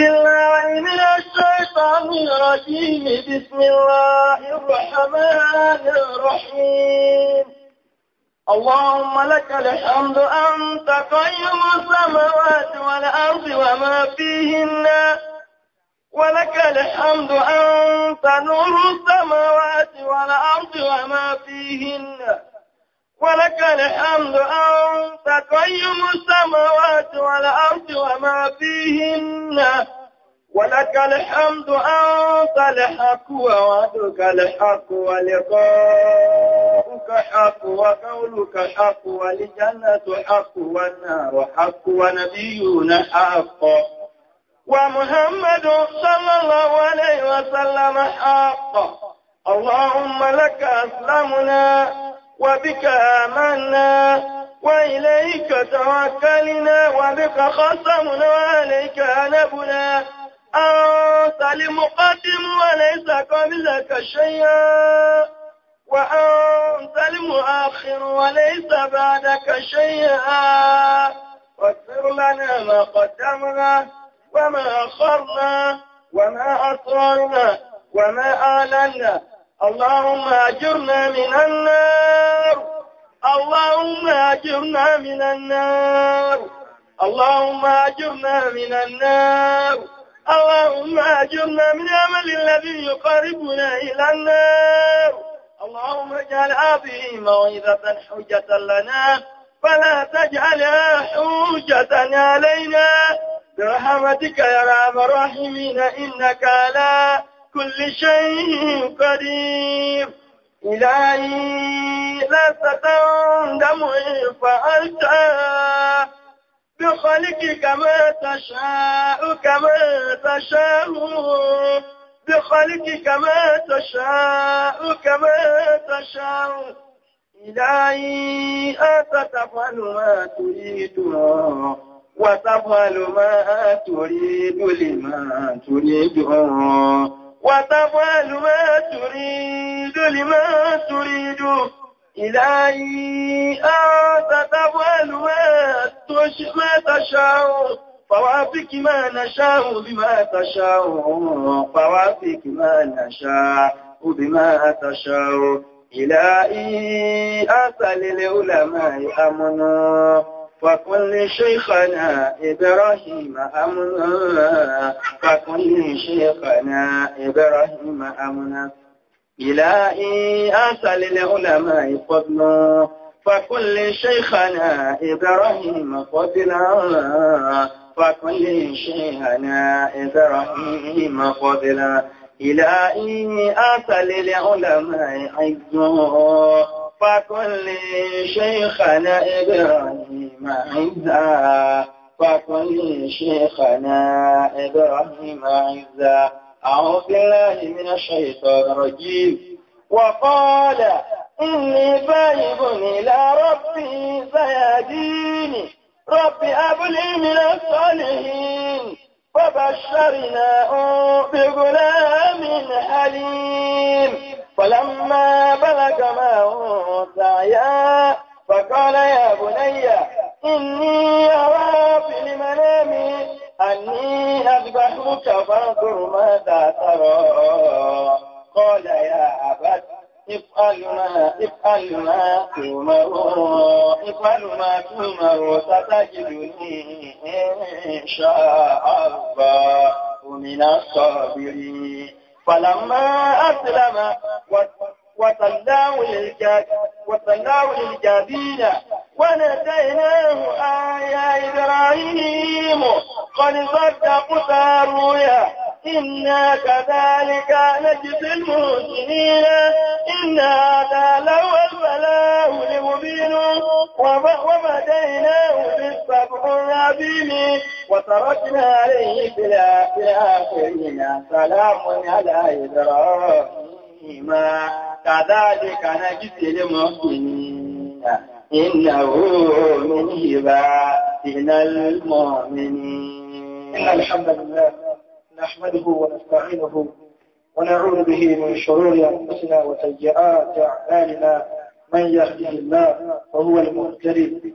بالله من الشيطان الرجيم بسم الله الرحمن الرحيم اللهم لك الحمد أنت قيم السماوات والأرض وما فيهن ولك الحمد أنت نور السماوات والأرض وما فيهن ولك الحمد أنت قيم السماوات والأرض وما فيهن ولك الحمد أنت الحق ووعدك الحق ولقاؤك حق وقولك حق والجنة حق والنار حق ونبينا حق ومحمد صلى الله عليه وسلم حق اللهم لك أسلمنا وبك آمنا وإليك توكلنا وبك خصمنا وعليك أنبنا أنت المقدم وليس قبلك شيئا وأنت المؤخر وليس بعدك شيئا واغفر لنا ما قدمنا وما أخرنا وما أطررنا وما أعلنا اللهم أجرنا من النار اللهم أجرنا من النار اللهم أجرنا من النار اللهم أجرنا من العمل الذي يقربنا إلى النار اللهم اجعل هذه موعظة حجة لنا فلا تجعلها حجة علينا برحمتك يا رحم الراحمين إنك لا كل شيء قدير إلهي لا تندم إن فعلت بخلقك كما تشاء كما تشاء بخلقك كما تشاء كما تشاء إلهي أنت تفعل ما تريد وتفعل ما تريد لما تريد وتفعل ما تريد لما تريد إلهي أنت تفعل ما تشاء فوافق ما نشاء بما تشاء فوافق ما نشاء بما تشاء إلهي أنت للعلماء أمنا وقل لشيخنا إبراهيم أمنا وقل لشيخنا إبراهيم أمنا إلهي أسأل العلماء فضلا فقل لشيخنا إبراهيم فضلا فقل لشيخنا إبراهيم فضلا إلهي أسأل العلماء عزا فكل شيخنا إبراهيم عزا فكل شيخنا إبراهيم عزا أعوذ بالله من الشيطان الرجيم وقال إني ذاهب إلى ربي سيهديني ربي هب لي من الصالحين فبشرناه بغلام حليم فلما بلغ ما سعيا فقال يا بني إني أرى في المنام أني أذبحك فانظر ماذا ترى قال يا أبت افعل ما افعل ما تؤمر افعل ما تؤمر ستجدني إن شاء الله من الصابرين فلما أسلم وتلاه للجابين وتلاه ونتيناه آية إبراهيم قد صدقت رؤيا إنا كذلك نجزي المحسنين إن هذا لهو البلاء لمبين وفديناه بالسبع العظيم وتركنا عليه في الآخرين سلام على إبراهيم كذلك نجزي المؤمنين إنه من عبادنا المؤمنين إن الحمد لله نحمده ونستعينه ونعوذ به من شرور أنفسنا وسيئات أعمالنا من يهده الله فهو المهتدي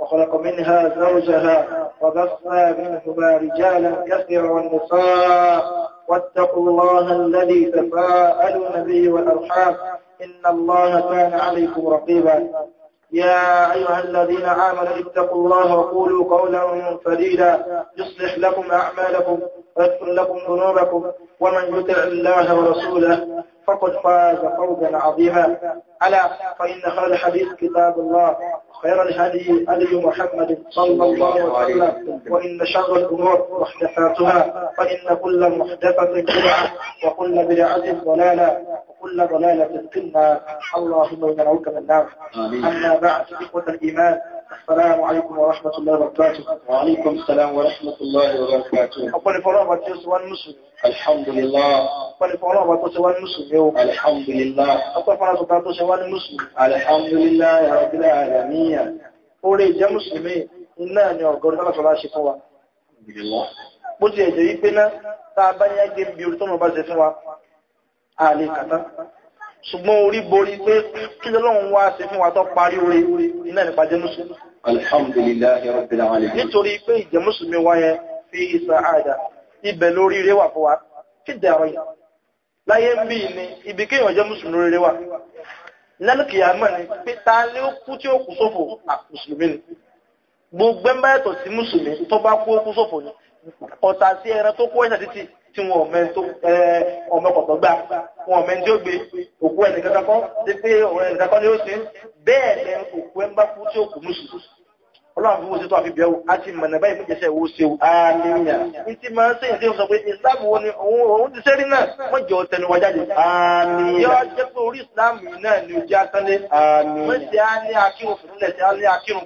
وخلق منها زوجها وبث منهما رجالا كثيرا والنساء واتقوا الله الذي تفاءلوا به والأرحام إن الله كان عليكم رقيبا يا أيها الذين آمنوا اتقوا الله وقولوا قولا فريدا يصلح لكم أعمالكم ويغفر لكم ذنوبكم ومن يطع الله ورسوله فقد فاز فوزا عظيما ألا فإن خير الحديث كتاب الله خير الهدي هدي محمد صلى الله عليه وسلم وإن شر الأمور محدثاتها فإن كل محدثة بدعة وكل بدعة ضلالة وكل ضلالة في النار اللهم نعوذ من النار أما بعد إخوة الإيمان السلام عليكم ورحمة الله وبركاته وعليكم السلام ورحمة الله وبركاته أقول فلان باتيس وان الحمد لله أقول فلان باتيس وان الحمد لله أقول فلان باتيس وان الحمد لله يا رب العالمين أولي جا مسلمين إنا أن يرغب الله صلاة شفوا الحمد لله بوتي يجري بنا تابعني أجيب بيورتون وبازي آلي كتا ṣùgbọ́n orí borí pé kí lọ́lọ́run wá sí fún wa tó parí orí iná nípa jẹ́ alamin. nítorí pé ìjẹ́ mùsùlùmí wa yẹn fi sàádà ibẹ̀ lórí rẹ̀ wà fún wa fi dàrọ̀ yìí láyé ń bí ni ibi kéèyàn jẹ́ mùsùlùmí lórí rẹ̀ wà lálùkìyà mọ̀ ni pé ta lé ó kú tí ó kú sófò mùsùlùmí ni gbogbo ẹ̀mbá ẹ̀tọ̀ sí mùsùlùmí tó bá kú ó kú sófò ni ọ̀tà sí ẹran tó kó ẹ̀ṣà títì tí wọn ọ̀mẹ́ ọ̀mẹ́kọ̀tọ̀ gbà wọn ọmọ tí ó gbé òkú ẹni kankankọ́ tí pé ọ̀rọ̀ ẹni kankankọ́ ni ó sin bẹ́ẹ̀ ni òkú ẹ ń bá kú tí ó kù mùsù ọlọ́run fún òṣètò àfi bẹ̀rù àti mọ̀nà báyìí méjèṣẹ́ ìwò ṣe àníyà ní tí máa ń sẹ́yìn tí ó sọ pé islam wo ni òun ti sẹ́rí náà wọ́n jẹ́ ọ̀tẹ̀nuwa jáde àníyà yọ jẹ́ pé orí islam náà ni ojú asánlé àníyà wọ́n ti á ní akírun fún ilẹ̀ tí á ní akírun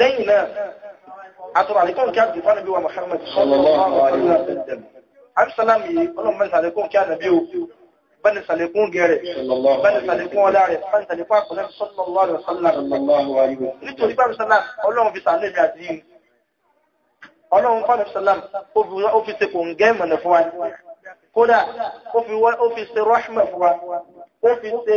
lẹ́yìn náà àtọ̀rọ̀ àlékún kí a ti fánà bí wa Muhammad sallallahu alaihi wa sallam abisalami ọlọ́run mẹ́rin sàlékún kí a nàbí o bẹ́ni sàlékún gẹ̀rẹ̀ bẹ́ni sàlékún ọlá rẹ̀ bẹ́ni sàlékún àkọlẹ́ sallallahu alaihi wa sallam nítorí bá bisalam ọlọ́run fi sàánú èmi àti yìí ọlọ́run fánà bisalam ó fi ṣe kò ń gẹ́ mọ̀nà fún wa kódà ó fi ṣe rọ́ṣmẹ̀ fún wa ó fi ṣe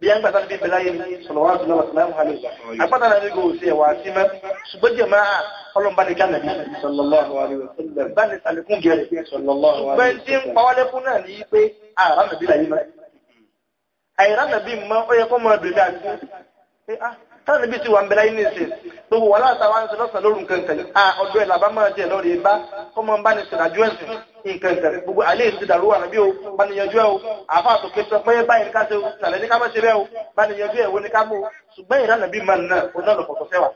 bí ẹn gbàtà níbi ìbẹ̀láyé ni sọ̀lọ́wọ́ àti lọ́wọ́ sọ̀lọ́wọ́ àlè àpáta náà ní gòsì ẹ̀wà àti mẹ́ ṣùgbọ́n jẹ̀ máa ọlọ́mbà ní gánà bí sọ̀lọ́lọ́wọ́ àlè bá ní sàlékún gẹ̀rẹ̀ sọ̀lọ́lọ́wọ́ àlè. ṣùgbọ́n tí ń pawálẹ́kún náà ní pé àrà nàbí táwọn ibi ti wà ń bẹ̀rẹ̀ ayé nìsín gbogbo wàhálà àtàwọn àǹsọ̀ lọ́sàn lóru nkankan a ọdún ẹ̀ làbá máa jẹ lọ́rọ̀ ìbá kọ́mọ bá ní sìnàjú ẹ̀sìn nkankan gbogbo alẹ́ ìlú ti dàrú wà níbí o bá ní yanjú ẹ o àfa àtòkè sọ pé báyìí ní ká ṣe sàlẹ̀ ní ká má ṣe bẹ́ẹ̀ o bá ní yanjú ẹ̀ wo ní ká mú o ṣùgbọ́n ìlànà bí màá nà o náà lọ́kọ̀ọ̀kọ̀ fẹ́ wà.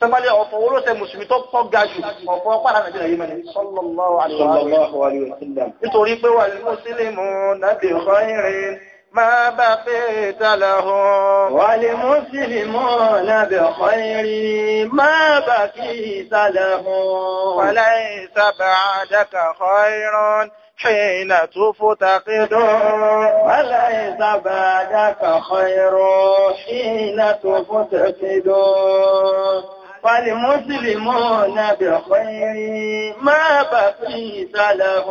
sọ́mọ́lé ọ̀fọ̀ owó ló ṣe mùsùlùmí tó pọ̀ ga jù ọ̀fọ̀ pàdà nàìjíríà yìí mẹ́rin sallallahu alaihi wa sallam nítorí pé wal muslimu nàbì khairin ما بقيت له ولمسلمون بخير ما بقيت له وليس بعدك خير حين تفتقد وليس بعدك خير حين تفتقد فالمسلمون بخير ما بقيت له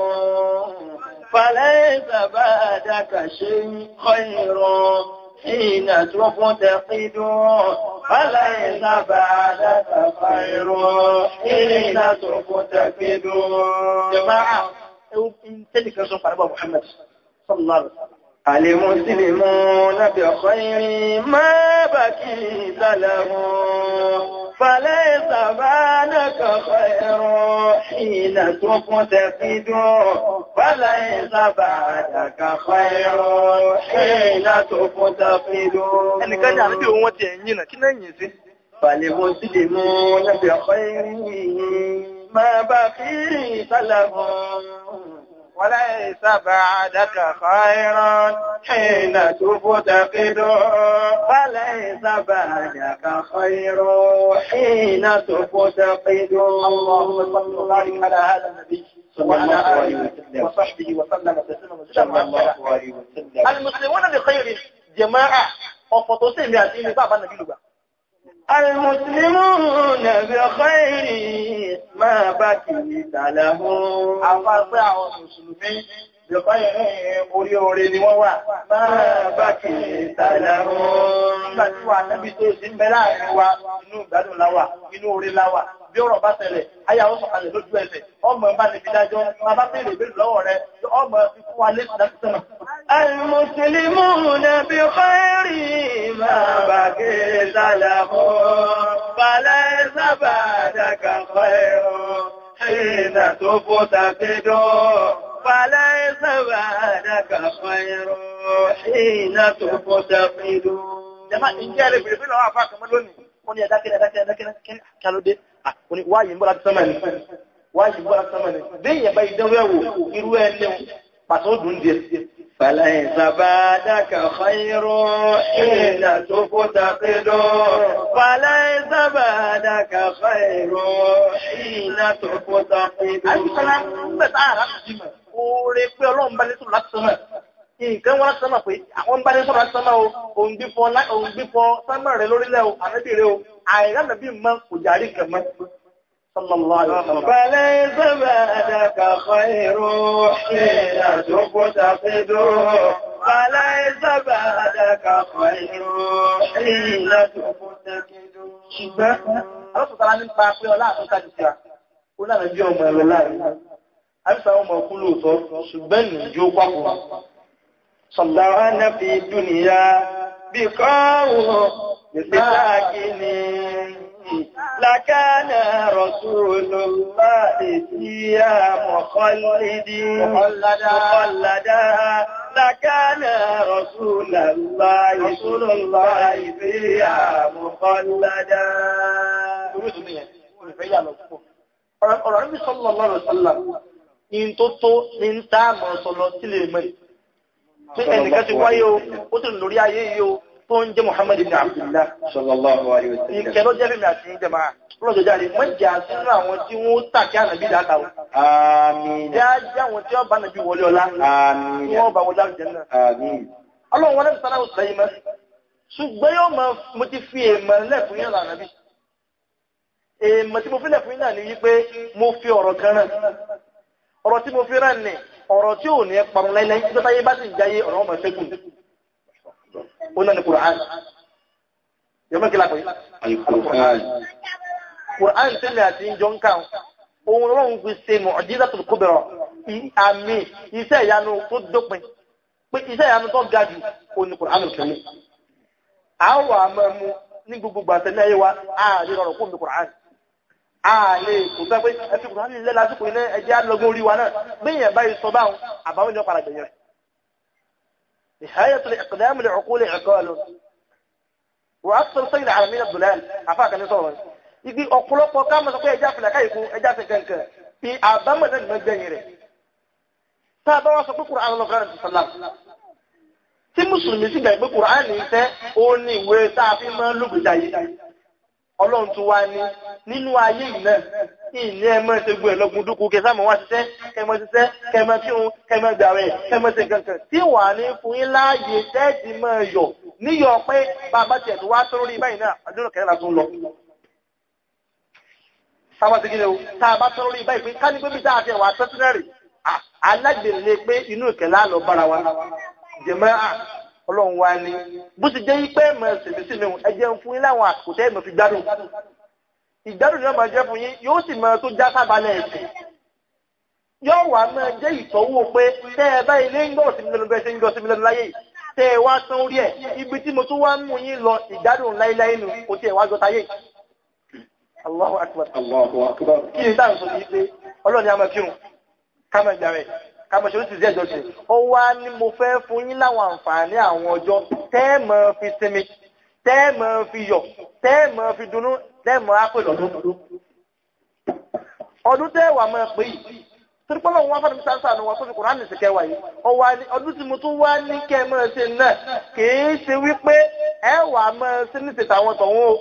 فليس بعدك شيء خير حين تفتقد فليس بعدك خير حين تفتقد جماعة تلك رسول الله محمد صلى الله عليه وسلم المسلمون بخير ما بكيت له فليس بعدك خير حين تقتفد فليس بعدك خير حين تقتفد ẹnìkan ní àríbí ohun wọ́n ti ẹ̀yìn náà kí náà yìí sí فالمسلمون بخير ما بكيت له وليس بعدك خير حين تفتقد وليس بعدك خير حين تفتقد اللهم صل وبارك على هذا النبي عليه وسلم وصحبه وسلم وسلم وسلم المسلمون بخير جماعة وسلم tó sì mẹ́ àti ilé bàbá nàbí Al-Muslimuna bi khayri ma bakita lahum. Àwọn agbẹ́ àwọn Mùsùlùmí bi khayri orí orí ni wọ́n wà. Ma bakita lahum. Nígbà tí wà nábi tó sí ń bẹ láàrin wa, inú ìgbádùn láwà, inú orí láwà, bí ọ̀rọ̀ bá tẹ̀lẹ̀, ayáwó sọ̀kalẹ̀ lójú ẹsẹ̀, ọmọ bá lè fi dájọ́, ma bá bèèrè ìbéèrè lọ́wọ́ rẹ̀, ọmọ fi fún wa lé Al-Muslimuna bi khayri مما بقيت له فليس بعدك خير حين تفتقد فليس بعدك خير حين تفتقد jama ǹjẹ́ ẹ̀rẹ́ bèrè bí lọ́wọ́ àfáà kàmọ́ lónìí wọ́n ni ẹ̀dákẹ́rẹ́ ẹ̀dákẹ́rẹ́ kálódé àkùnrin wáyé ń bọ́lá ti sọ́mọ̀ ní wáyé ń bọ́lá ti sọ́mọ̀ ní bí ìyẹ̀bá ìdánwò ẹ̀wò irú ẹ̀ lẹ́wọ̀n pàtó dùn díẹ̀ فليس بعدك خير حين تفتقد فليس بعدك خير حين تفتقد bá ní sọ̀rọ̀ láti sọ́mọ̀. Nǹkan wọ́n láti sọ́mọ̀ pé àwọn bá ní sọ̀rọ̀ láti sọ́mọ̀ o, òun gbífọ́ sọ́mọ̀ rẹ̀ lórílẹ̀ o, àrẹ́bìnrin o, àìrẹ́mẹ̀bí mọ́ الله فليس بعدك خير حين تقتصد فليس بعدك خير حين تقتصد ṣùgbọ́n alọ́pùtàrà nípa pé ọlá àtúntà ti ṣíra ó lára jẹ́ ọmọ ẹ̀rọ láàrin àríṣà ọmọ ọkú lóòtọ́ ṣùgbọ́n ní jó pápọ̀ sọ̀dára náà fi dùn bí kọ́ ọ̀rọ̀ ìpínlẹ̀ àkíní لكان رسول الله فيها مخلدا مخلدا لكان رسول الله رسول الله فيها مخلدا ọ̀rọ̀ ní sallallahu alaihi wasallam in tó tó ní ń tá àmọ̀ sọ̀lọ̀ sílẹ̀ mẹ́ tí ẹnìkan ti wáyé o ó tún lórí ayé yìí tó ń jẹ́ Muhammad ibn Abdullah sallallahu alaihi wasallam ìkẹ́ ló jẹ́ fèmí àti ìjẹ̀mà lọ́jọ́ jáde mẹ́jà sínú àwọn tí wọ́n tàkí ànàbí dáta o àmín jájá àwọn tí wọ́n bá nàbí wọlé ọlá àmín wọ́n bá wọlé àjẹ́ náà àmín ọlọ́run wọn lẹ́nu sára òsè yìí mẹ́ ṣùgbọ́n ni wípé mo ọ̀rọ̀ tí mo fi rán ni ọ̀rọ̀ tí ò ní ẹ parun láíláí tí tó táyé bá sì jáyé ọ̀rọ̀ ọmọ ẹ̀fẹ́ ó náà ni Kùránì yọmọ kí lápẹ́ Kùránì tẹ́lẹ̀ àti ìjọ ń káwọn ohun ọlọ́run fi ṣe mu'jizatul kubra àmì iṣẹ́ ìyanu tó dópin pé iṣẹ́ ìyanu tó ga jù ó ní Kùránì kẹ́lẹ̀ àwọn àmọ́ mu ní gbogbo gbàtẹ́lẹ̀ ayé wa ààrẹ rọrùn kún mi Kùránì ààlè kò sọ pé ẹbí Kùránì lẹ́lásìkò iná ẹjẹ́ á lọ́gbọ́n orí wa náà gbẹ̀yìn ẹ̀ báyìí sọ báwọn àbáwọn ènìyàn padà gbẹ̀yìn rẹ̀ نهاية الإقدام لعقول عقال وأكثر سيد العالمين الدلال عفاك أن يصور يجي أقلق وكام سوف يجا في لكايكو في كنك في أعظم ذلك مجنيري تابعوا سوف القرآن الله قرآن صلى الله عليه وسلم tí mùsùlùmí sì gbàgbé kùránì iṣẹ́ ó ní ìwé tá ọlọ́run tó wá ní nínú ayé ìlẹ̀ ìní ẹmọ́ ìṣègùn ẹ̀lọ́gbùn dúkù kẹsàmọ́ wá ṣiṣẹ́ kẹmọ ṣiṣẹ́ kẹmọ tí òun kẹmọ gbàrẹ̀ kẹmọ ṣe kankan tí wà ní fún yín láàyè tẹ́ẹ̀dì mọ́ ẹ̀yọ̀ níyọ̀ pé bàbá tiẹ̀ tó wá tó rí báyìí náà àdúrà kẹrẹ́lá tó ń lọ. sábà ti kíni o tá a bá tó rí báyìí pé ká ní pé bí dáa tiẹ̀ wà tẹ́tínẹ́rì alágbèrè ni pé inú ìkẹ́lá lọ bára wa jẹ̀mọ́ ọlọ́run wá ní bó ti jẹ́ pé ẹ̀mọ̀ ẹ̀sìn sí mi ẹ jẹun fún yín láwọn àkókò ẹ̀mọ̀ fi gbádùn ìgbádùn ni wọ́n máa jẹ́ fún yín yóò sì máa tó já sábàlẹ̀ ẹ̀sìn yóò wá máa jẹ́ ìtọ́wò pé tẹ́ ẹ bá ilé ń gbọ́ sí mi lẹ́nu bẹ́ẹ̀ ṣe ń gbọ́ sí mi lẹ́nu láyé tẹ́ ẹ wá tán orí ẹ̀ ibi tí mo tún wá ń mú yín lọ ìgbádùn láéláé nu kò tiẹ̀ wá jọ táyé Allahu akbar kí ni táà ń sọ yìí pé ọlọ́run a máa kírun ká máa gbà rẹ̀ káwọn ṣe oríṣiríṣi ẹjọ ṣe ó wá ní mo fẹ́ fún yín láwọn àǹfààní àwọn ọjọ́ tẹ́ ẹ máa fi sinmi tẹ́ ẹ máa fi yọ̀ tẹ́ ẹ máa fi dunnú tẹ́ ẹ máa pè lọ́dún ọdún tẹ́ ẹ wà máa pè yìí tirikpọlọ wọn fana musa sa wọn fún kuran ní sikẹ wáyé ọwọ ni ọdún tí mo tún wá ní kẹ ẹ náà kìí ṣe wípé ẹ wà á ní tètè àwọn o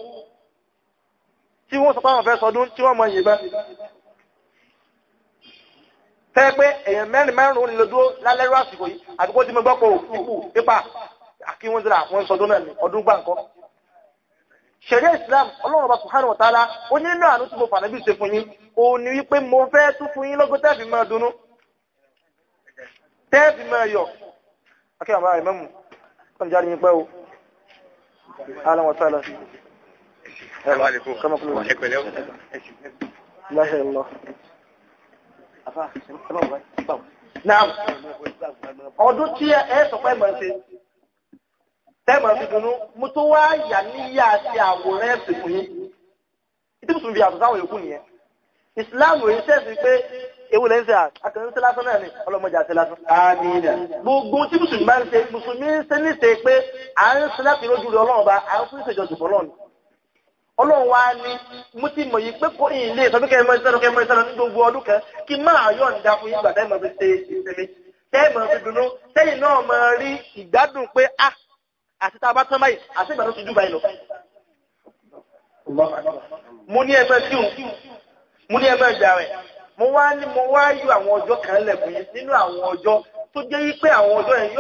tí wọ́n sọ pé àwọn fẹ́ sọdún tí wọ́n mọ yìí bá tẹ́ pé èèyàn mẹ́rin mẹ́rin òun lè dúró lálẹ́rú àsìkò yìí àdúgbò tí mo gbọ́ pé òkú àkí wọ́n síra wọ́n ọdún gbà nǹkan. ṣẹ̀rí Islam ọlọ́run ọba ta'ala ó ní àánú tí mo fànàbí ṣe fún fẹ́ tún fún yín lọ́gbọ́n tẹ́ẹ̀fì ọdún tí ẹ sọ pé mọ̀ ṣe tẹ́mọ̀ fi dùnú mo tó wá yà níyà àti àwòrán ẹ̀sìn fún yín ìdí mùsùlùmí àtúntò táwọn yòókù nìyẹn Islam èyí sẹ́sì pé ewu lẹ́yìn sẹ́ àkànní sí lásán náà ni ọlọ́mọdé àti lásán. àmín. gbogbo tí mùsùlùmí bá ń ṣe mùsùlùmí ń ṣe ní ṣe pé à ń ṣe láti rójú rẹ ọlọ́run bá à ń fún ìṣèjọsìn fọlọ́run ọlọ́run wá ní mú ti mọ̀ yìí pé kó ìyìn lè sọ pé kẹmọ ìsẹ́lọ kẹmọ ní gbogbo ọdún kan kí máa yọ̀ ń da fún yín gbàdá fi ṣe ìṣẹ̀lẹ̀ tẹ́ẹ̀mọ̀ fi dùnú tẹ́yìn náà mọ̀ rí ìgbádùn a ah, àti tá a bá tán báyìí àti ìgbà tó ti jù báyìí lọ. mo ní ẹgbẹ́ mo ní ẹgbẹ́ ìjà rẹ̀ mo wá ní mo wá yọ àwọn ọjọ́ kan nínú àwọn ọjọ́ tó jẹ́ àwọn ọjọ́ yẹn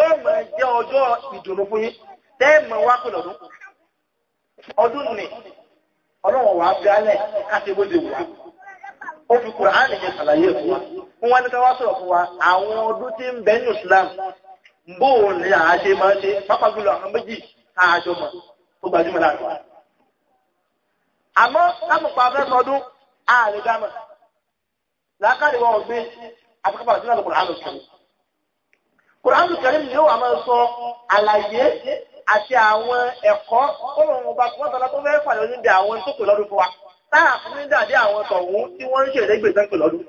yóò ọlọ́wọ̀n wà gálẹ̀ káṣe bó ti wà ó fi Kùránì yẹn ṣàlàyé fún wa fún wa ní ká sọ̀rọ̀ fún wa àwọn ọdún tí ń bẹ ní Islam bó o ní máa ṣe pápá jùlọ àwọn méjì àjọ mọ̀ tó gbajúmọ̀ láàrin àmọ́ kámùpá afẹ́sọ ọdún ààrẹ gámà wọn gbé sínú ni wà máa àti àwọn ẹ̀kọ́ kọ́lọ̀run ọba tí wọ́n tọ́lá tó fẹ́ fàyọ níbi àwọn tó pè lọ́dún fún wa táà fún ní dàdé àwọn tọ̀hún tí wọ́n ń ṣe ìrẹ́gbè tán pè lọ́dún.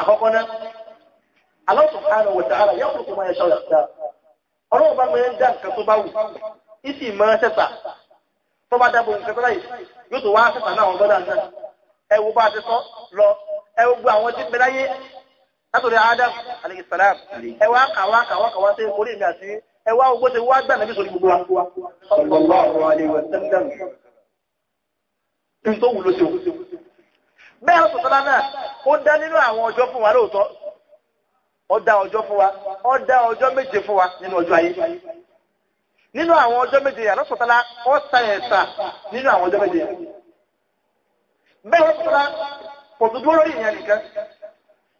àkọ́kọ́ náà Allah subhanahu wa ta'ala yakhluqu ma yasha'u yàtọ̀ ọlọ́run bá gbẹ́yẹn dá nǹkan tó bá wù ìsì mọ́ sẹ́sà tó bá dábò nǹkan tó láyè yóò tó wá sẹ́sà náà wọn gbọ́dọ̀ náà ẹ wo bá a látòrí Adam alayhi salam ẹ wá kà wá kà wá kà wá sí orí ìgbà sí ẹ wá ogbó wá gbà nàbí sórí gbogbo wa. sallallahu alayhi wa sallam. n tó wù ló ṣe o. bẹ́ẹ̀ ló sọ̀tọ́ náà ó dá nínú àwọn ọjọ́ fún wa lóòótọ́ ó dá ọjọ́ fún wa ó dá ọjọ́ méje fún wa nínú ọjọ́ ayé nínú àwọn ọjọ́ méje yà lọ́sọ̀tọ́lá ó sa ẹ̀sà nínú àwọn ọjọ́ méje yà bẹ́ẹ̀ lọ́sọ̀tọ́lá kò tó lórí ìyẹn nìkan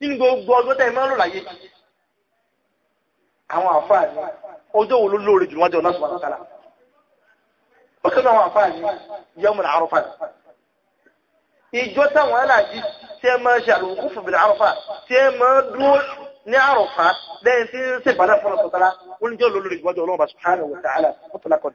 nínú gbogbo ọdún tẹ́ máa ń lò láyé àwọn àfáà ní ọjọ́ wo ló lóore jù wájú ọ̀nà ṣùgbọ́n àtàlà ọ̀kan náà àwọn àfáà ní yẹ́mù ní àrọ́fà ìjọ táwọn aláàjì tí ẹ máa ṣe àlùkù fún bìnrin àrọ́fà tí ẹ máa dúró ní àrọ́fà lẹ́yìn tí ń ṣe ìbàdàn fún ọ̀sán ó ní jọ́ ló lóore jù wájú ọlọ́run subhanahu wa wọ́n tó lákọ̀ọ́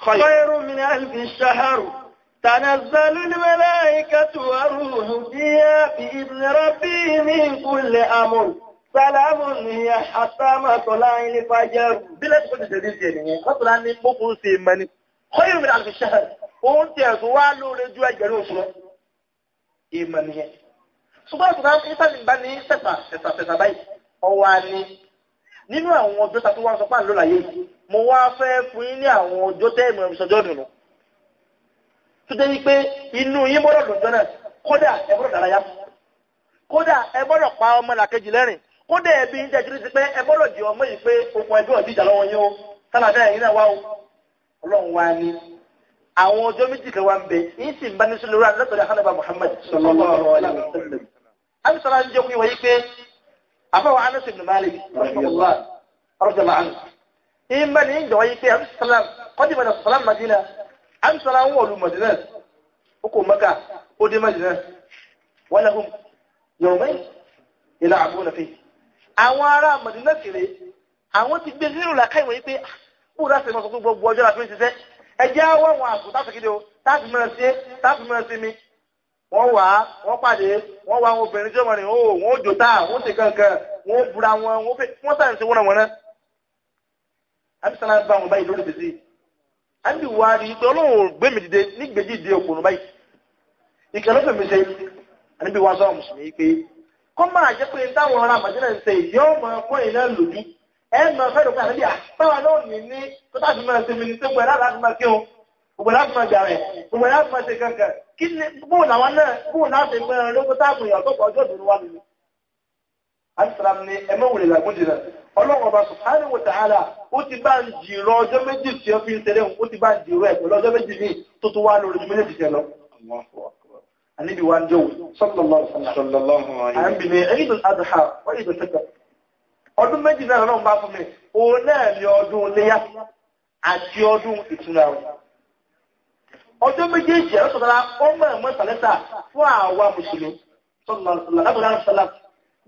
خير من ألف الشهر تنزل الملائكة والروح فيها بإذن ربي من كل أمر سلام هي حتى مطلع الفجر بلا تكون جديد يعني مطلع من بقول سيماني خير من ألف شهر وانت يزوال لجوا جلوس إيمانية ṣùgbọ́n ìṣúná ìṣẹ́ ní بني ní sẹ́sà sẹ́sà باي أواني ọwọ́ a ní nínú àwọn ọjọ́ tó mo wá fẹ́ fún yín ní àwọn ọjọ́ tẹ́ẹ̀mù ìṣọjọ́ dùnú tó dé wípé inú yín gbọ́dọ̀ kódà ẹ gbọ́dọ̀ dárayá kódà ẹ pa ọmọ làkejì lẹ́rìn kódà ẹbí ń jẹ́ kiri pé ẹ gbọ́dọ̀ jẹ ọmọ yìí pé ẹbí ọ̀dí ìjà lọ́wọ́ yín o tálàdá ẹ̀yìn náà wá o ọlọ́run wá ní àwọn ọjọ́ méjì kan wá ìmọ̀ ní ìjọ yìí pé amsalam kọ́dí mọ̀ salam madina amsalam wọ̀ lu madina ó kò maka ó dé madina wọ́n lẹ́hùn yọ̀mọ́ ìlà àbúrò nàfi. àwọn ará madina kiri àwọn ti gbé nínú làkàyè wọ̀nyí pé kó láti mọ̀ sọ fún gbogbo ọjọ́ láti fi ṣiṣẹ́ ẹjẹ́ àwọn àwọn àbò táfi kéde o táfi mẹ́rin sí táfi mẹ́rin sí mi wọ́n wà á wọ́n pàdé wọ́n wá àwọn obìnrin tí wọ́n rìn o oh, wọ́n jò táà wọ́n ti kankan wọ́n bura wọn wọ́n fẹ́ wọ́n sàn abisala bá wọn báyìí lórí bèsè àbí wà á rí i pé ọlọ́run gbé mi dìde nígbèjì dé òkùnrin báyìí ìkẹlẹ́ fẹ̀mí ṣe àníbi wọn sọ̀rọ̀ mùsùlùmí pé kọ́ máa jẹ́ táwọn ará màjínà ń ṣe yóò máa kọ́ iná lòdù ẹ máa fẹ́ lókè àti àtàwà náà ní ní máa mi ní máa gbogbo láti máa gbogbo láti máa ni làwọn náà láti ọlọ́run ọba subhanahu wa ta'ala ó ti bá ń jìrọ ọjọ́ méjì tí ó fi ń tẹ̀lé ó ti bá ń jìrọ ẹ̀ pẹ̀lú ọjọ́ méjì ní tó tó wá lórí méjèèjì tẹ̀ lọ. Àníbi wa ń jẹ́ òun, sallallahu alaihi wa sallam. Eid al-Adha wa méjì náà náà ọmọ ẹ̀mọ́ ìsàlẹ́sà fún àwa Mùsùlùmí, sallallahu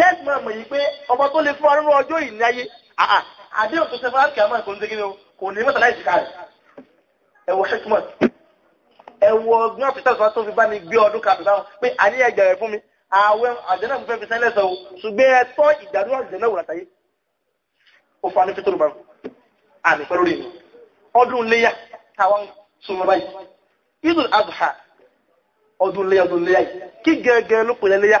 tẹ́ẹ̀tì máa mọ̀ yìí pé ọba tó lè fún wa nínú ọjọ́ ìní ayé àdéhùn tó ṣe fún àríkà máa kò ní dégínú kò ní mọ́tàlá ìsìká rẹ̀ ẹ̀wọ̀ ṣẹ́kùmọ̀ ẹ̀wọ̀ ọgbọ́n àpẹtà ìsọ́wọ́ tó fi bá mi gbé ọdún kan àbíbáwọn pé àní ẹgbẹ̀ rẹ̀ fún mi àwẹ àjẹ́nà fún fẹ́ fi sẹ́lẹ̀ sọ ṣùgbẹ́ ẹ̀tọ́ ìdàdúrà àjẹ́nà wò látàyé ó fa ní fítòrò báwọn àmì pẹ́ lórí ọdún léyà táwọn súnmọ́ báyìí Idul Adha ọdún léyà ọdún léyà kí gẹ́gẹ́ ló pè léyà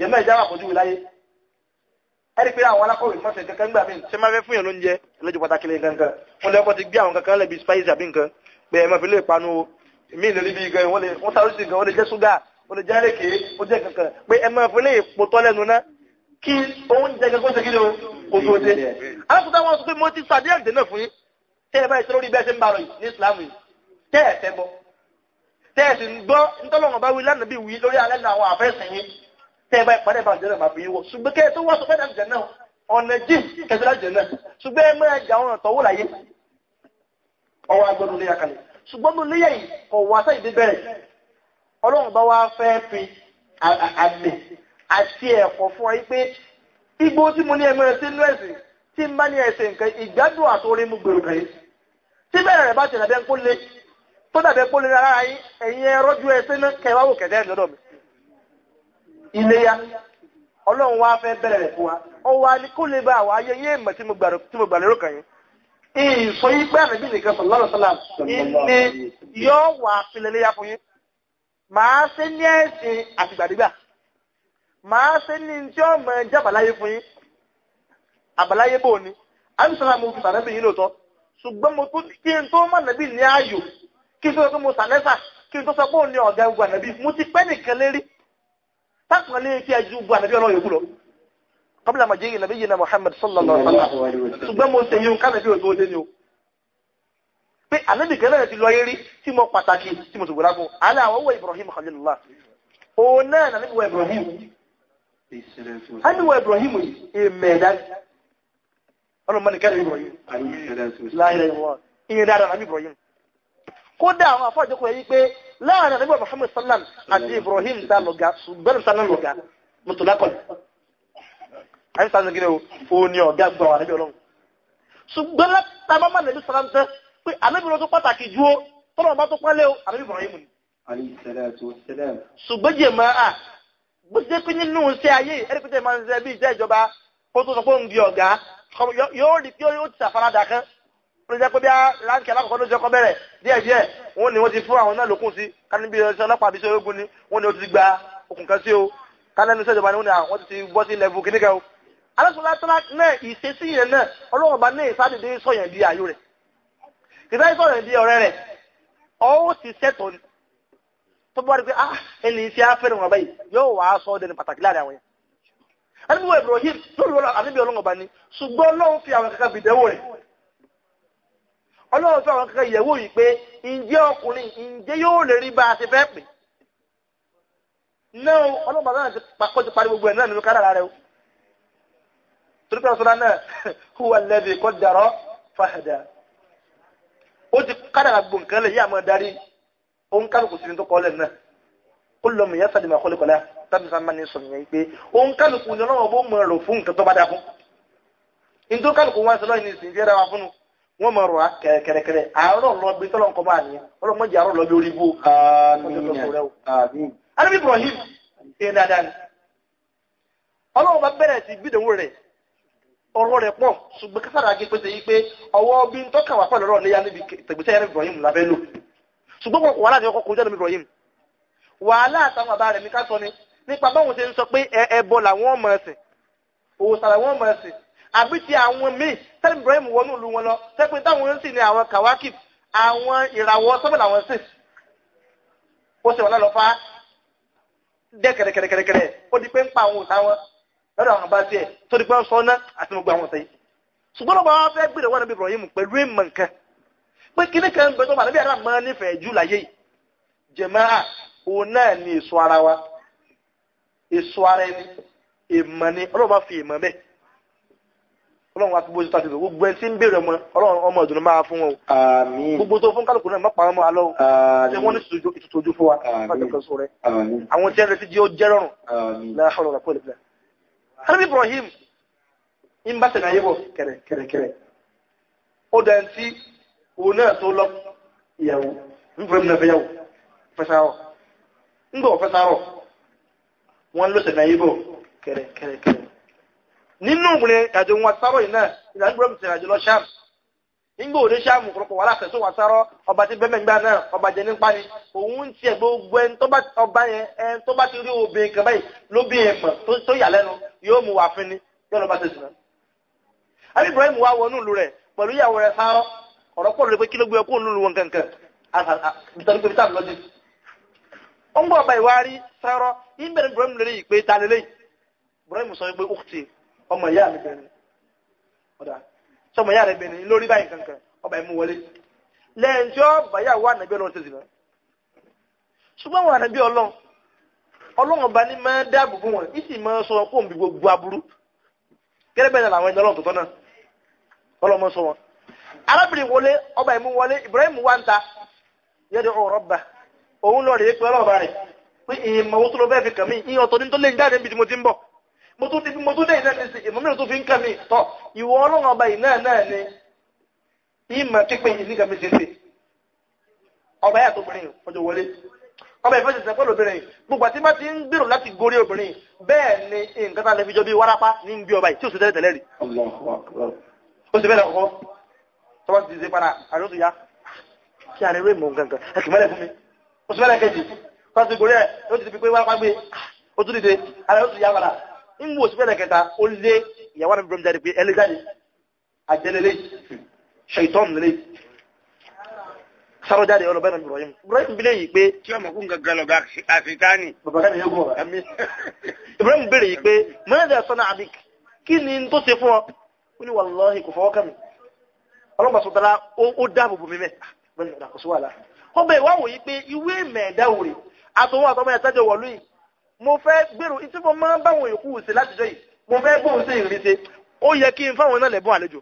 jẹ́mọ́ ìjà wà fojú wìláyé ẹ̀rí pé àwọn alákọ̀wé mọ́sẹ̀ kankan gbà mí ṣe máa fẹ́ fún yàn lóúnjẹ lójú pàtàkì lè kankan wọ́n lọ́kọ́ ti gbé àwọn kankan lẹ́bi spice àbí nǹkan pé ẹ̀ máa fi lè panu mí lórí bí gan wọ́n lè wọ́n sáré sí gan wọ́n lè jẹ́ ṣúgà wọ́n lè jẹ́ lẹ́kẹ́ ó jẹ́ kankan pé ẹ̀ máa fi lè potọ́ lẹ́nu ná kí oúnjẹ kankan ṣe kí ló kó tó tẹ́ẹ̀bá ìpàdé bá jẹ́rẹ̀ màá fi yíwọ́ ṣùgbọ́n kẹ́ tó wá sọ fẹ́dà jẹ̀ náà ọ̀nà jìn kẹsìlá jẹ̀ náà ṣùgbọ́n ẹ máa jà ọ̀nà tọ́wọ́ láyé ọwọ́ agbọ́dún léyà kalẹ̀ ṣùgbọ́n mo léyà yìí kọ̀ wá sáyé dé bẹ̀rẹ̀ ọlọ́run bá wá fẹ́ fi àgbẹ̀ àti ẹ̀kọ́ fún ọ pé igbó tí mo ní ẹ máa ṣe inú ẹ̀sìn tí n bá ní ẹ̀sìn nǹkan ìgbádùn àtòrí mú gbèrò kàn tí bẹ̀rẹ̀ rẹ̀ bá ti dàbẹ́ kó tó dàbẹ́ kó le rárá yín ẹ̀yin ẹ̀rọ́jú ẹ̀sìn náà kẹwàá wò kẹ̀dẹ́ ẹ̀ lọ́dọ̀ mi Ile ọlọ́run wá fẹ́ bẹ̀rẹ̀ rẹ̀ fún wa ó wá ní kó lè bá àwọn ìmọ̀ tí mo gbà lérò kàn yín ìsọ yí pé àrẹ̀bí nìkan sọ lọ́rọ̀ sọ́là ní yóò wà pìlẹ̀ léyá fún yín màá ṣe ní ẹ̀sìn àtìgbàdégbà màá ṣe ní tí ó mọ ẹjẹ́ àbáláyé fún yín àbáláyé bò ní mo fi sàrẹ́bì yín lóòótọ́ ṣùgbọ́n mo tún kí n tó mọ̀ nàbí ní kí n tó sọ pé mo sàlẹ́sà kí n tó sọ pé òun tákùn lè fi ẹjú bu ànàbí ọlọ́run yòókù lọ kọ́bílà màjẹ́ yìí nàbí yìí na Muhammad sallallahu alaihi wa sallam ṣùgbọ́n mo ṣe yín kánàbí òtó ó dé ni o pé ànábì kẹlẹ́ ti lọ yé rí tí mo pàtàkì tí mo tògbòrá fún alẹ́ àwọn owó Ibrahim khalilullah òun náà nàbí wọ Ibrahim ánìwọ̀ Ibrahim yìí èèmẹ̀ ẹ̀dá ọlọ́mọdé kẹlẹ́ Ibrahim láyé ìrìn dáadáa nàbí Ibrahim kódà àwọn àfọ́jọ́kọ̀ yẹ láàrin àdébọ̀ Muhammad sallam àti Ibrahim tá lọ́gá ṣùgbọ́n tá náà lọ́gá mutulakọ̀lù àyíṣà ní gíní o ní ọ̀gá gbọ́ àwọn àdébí ọlọ́run ṣùgbọ́n lábá má nàbí sallam tẹ́ pé àdébí ọlọ́run tó pàtàkì ju ó tọ́lọ̀ bá tó pẹ́lẹ́ o àdébí Ibrahim ni. ṣùgbọ́n jẹ́ máa à bó ṣe pé nínú iṣẹ́ ayé ẹni pété máa ń ṣe bí iṣẹ́ ìjọba kó tó sọ pé òun di ọ̀gá yóò rí pé ó ti ṣàfaradà ló jẹ́ pé bí láǹkì alákọ̀ọ́kọ́ ló jẹ́ kọ́ bẹ̀rẹ̀ díẹ̀ díẹ̀ wọ́n ní wọ́n ti fún àwọn náà lókun sí kání bí iṣẹ́ ọlọ́pàá àbíṣẹ́ ológun ni wọ́n ní ó ti gba okùn kan sí o kánẹ́nu sẹ́jọba ni wọ́n ní àwọn ah, ti bọ́ sí lẹ́fù kíní kan o. alásùnlá tọ́lá náà ìṣesí yẹn náà ọlọ́run ọba náà ìsádìdé sọ̀yàn di ayọ̀ rẹ̀ kìfẹ́ sọ̀yàn di ọ̀rẹ́ rẹ̀ ọ̀hún ti sẹ́tọ̀ ni tó bá rí pé ah ẹni iṣẹ́ afẹ́rẹ́ wọn báyìí yóò wá sọ ọ́ dẹni pàtàkì láàrin àwọn yẹn. ẹni bí wọ́n Ibrahim lórí wọn àbíbí ọlọ́run ọba ni ṣùgbọ́n ọlọ́run fi àwọn kankan bìdẹ́wò rẹ̀ ọlọ́run sọ̀rọ̀ kankan ìyẹ̀wò yìí pé ǹjẹ́ ọkùnrin ǹjẹ́ yóò lè rí bá a ṣe fẹ́ pè náà ọlọ́run bàbá náà kọ́ ti parí gbogbo ẹ̀ náà nínú kádàrá rẹ o torí pé ọ̀sán náà huwa alladhi qaddara fahada ó ti kádàrá gbogbo nǹkan lè yí àmọ́ darí òun kálukú sí ní tó kọ́ lẹ̀ náà ó lọ mọ̀ yẹ́sà ni mà kọ́lé kọ́lá tábí sábà ní sọ̀rọ̀ yẹn pé òun kálukú ni ọlọ́run bó wọ́n máa rọ̀ á kẹ̀rẹ̀kẹ̀rẹ̀ àárọ̀ lọ bí tọ́lọ̀ nǹkan máa ní ọlọ́mọ jẹ́ àárọ̀ lọ bí orí bó Ànábì Ibrahim ṣe dáadáa ni ọlọ́run bá bẹ̀rẹ̀ sí gbídẹ̀wò rẹ̀ n tọ́ka wà pẹ̀lú ọ̀rọ̀ léyà níbi tẹ̀gbẹ́sẹ̀ Ànábì Ibrahim lábẹ́ lò ṣùgbọ́n wọn wàhálà àbí ti àwọn míì tẹ́lẹ̀ Ibrahim wọnú ìlú wọn lọ tẹ́pẹ́ táwọn ń sìn ní àwọn kawakib àwọn ìràwọ̀ sọ́bẹ̀ làwọn sìn ó sì wọn lọ fa dẹ́ kẹ̀rẹ̀kẹ̀rẹ̀kẹ̀rẹ̀ ó di pé ń pa àwọn òòtá wọn lọ́dọ̀ àwọn abáṣe ẹ̀ tó di pé ń sọ ọ́nà àti gbogbo àwọn sẹ́yìn ṣùgbọ́n lọ́ba wọn fẹ́ gbèrè wọn níbi Ibrahim pẹ̀lú ìmọ̀ nǹkan pé kíní kan ń bẹ tó màlẹ́bí àrà máa nífẹ̀ẹ́ jù láyé yìí jẹ̀máà òun náà ni èso ara wa èso ara ẹni èèmọ̀ ni ọlọ́ba fi èèmọ̀ ọlọ́run wa gbogbo ìtàkùn gbogbo ẹni tí ń béèrè ọmọ ọlọ́run ọmọ ìdùnnú máa fún wọn o gbogbo tó fún kálukú náà mọ́pàá ọmọ alọ́ ṣé wọ́n ní ìtùtù ojú fún wa àwọn tí ẹni tí ó jẹ́ rọrùn láàárọ̀ rẹ̀ pẹ̀lú ẹni Ibrahim ń bá tẹ̀lé ayé bọ̀ kẹ̀rẹ̀kẹ̀rẹ̀ ó dẹ̀ ń tí òun náà tó lọ ìyàwó ń fẹ́ mi náà fẹ́ yàwó fẹ́sàárọ̀ ń gbọ̀ fẹ́sàárọ̀ wọ́n lọ́sẹ̀ náà ayé bọ̀ nínú ìrìn àjò wọn sárọ̀ iná ìlànà ìgbòrò ìsìn àjò lọ sáàmù nígbà òde sáàmù kọ̀rọ̀kọ̀ wà láfẹ̀ẹ́ tó wà sárọ̀ ọba tí bẹ́ẹ̀ mẹ́gbà náà ọba jẹ nípa ni òun ti ẹ̀ gbogbo ẹni tó bá ọba yẹn ẹni tó bá ti rí obìnrin kan báyìí ló bí ẹ̀ tó yà lẹ́nu yóò mú wà fún ni yóò lọ bá sùn. àbí Ibrahim wá wọnú ìlú rẹ̀ pẹ̀lú ìyàwó rẹ̀ sárọ̀ ọ̀rọ̀ pọ̀ lórí pé kí ló gbé ọkọ̀ òun wọn kankan nítorí pé bí táàbù lọ́dún. Ibrahim lórí ìpè ta lélẹ́yìn Ibrahim sọ pé ó ti ọmọ ìyá mi bẹ̀rẹ̀ ọ̀dà sọmọ ìyá rẹ̀ bẹ̀rẹ̀ lórí báyìí kankan ọba ẹ̀mú wọlé lẹ́yìn tí ó bàyà wà nàbí ọlọ́run ti zìnà ṣùgbọ́n wà nàbí ọlọ́run ọlọ́run ọba ní máa dáàbò fún wọn ìsì máa sọ wọn kó òun bí gbogbo aburú gẹ́gẹ́ bẹ́ẹ̀ làwọn ẹni ọlọ́run tó tọ́ náà ọlọ́run máa sọ wọn. arábìnrin wọlé ọba ẹ̀mú wọlé Ibrahim wà ń ta yẹ́dẹ̀ ọ̀rọ̀ bà òun lọ rèé pé ọlọ́run bá rẹ̀ pé ìmọ̀ mo tún dé mo tún dé ìnáni sí ìmọ̀ mìíràn tó fi ń kà mí tọ́ ìwọ ọlọ́run ọba ìnáà náà ni ìmọ̀ pípé yìí nígbà mi ṣe ṣe ọba yà tó bìnrin ọjọ́ wọlé ọba ìfẹ́ ṣẹṣẹ pẹ̀lú obìnrin gbogbo àti má ti ń gbèrò láti gorí obìnrin bẹ́ẹ̀ ni nǹkan tá a lè fi jọ bí wárápá ní bí ọba yìí tí ò sì tẹ́lẹ̀ tẹ́lẹ̀ rí. ó sì bẹ́ẹ̀ lọ́kọ́ tọ́wọ́ ti ṣe para àrùn tó yá kí ààrẹ rẹ̀ mọ̀ gangan ẹ fi pé wárápá gbé ó dìde ààrẹ ó sì yá padà ńgbò sí fẹ́lẹ̀ kẹta ó lé ìyàwó àmì bọ́m jáde pé ẹlẹ́ jáde àjẹlẹ́lẹ́ ṣèitọ́n lẹ́lẹ́ sáró jáde ọlọ́bẹ́ náà Ibrahim Ibrahim bílẹ̀ yìí pé tí ọmọ kún n'i lọ àfitani Ibrahim bílẹ̀ yi pé mẹ́rẹ̀dẹ̀ sana abik kí ni tó ṣe fún ọ ó ní wàlọ́hì kò fọwọ́ kàmì bubu mo fẹ́ gbèrò tí mo máa ń báwọn èkú ṣe látijọ́ yìí mo fẹ́ bóun ṣe ìrìn ṣe ó yẹ kí n fáwọn náà lẹ́bùn àlejò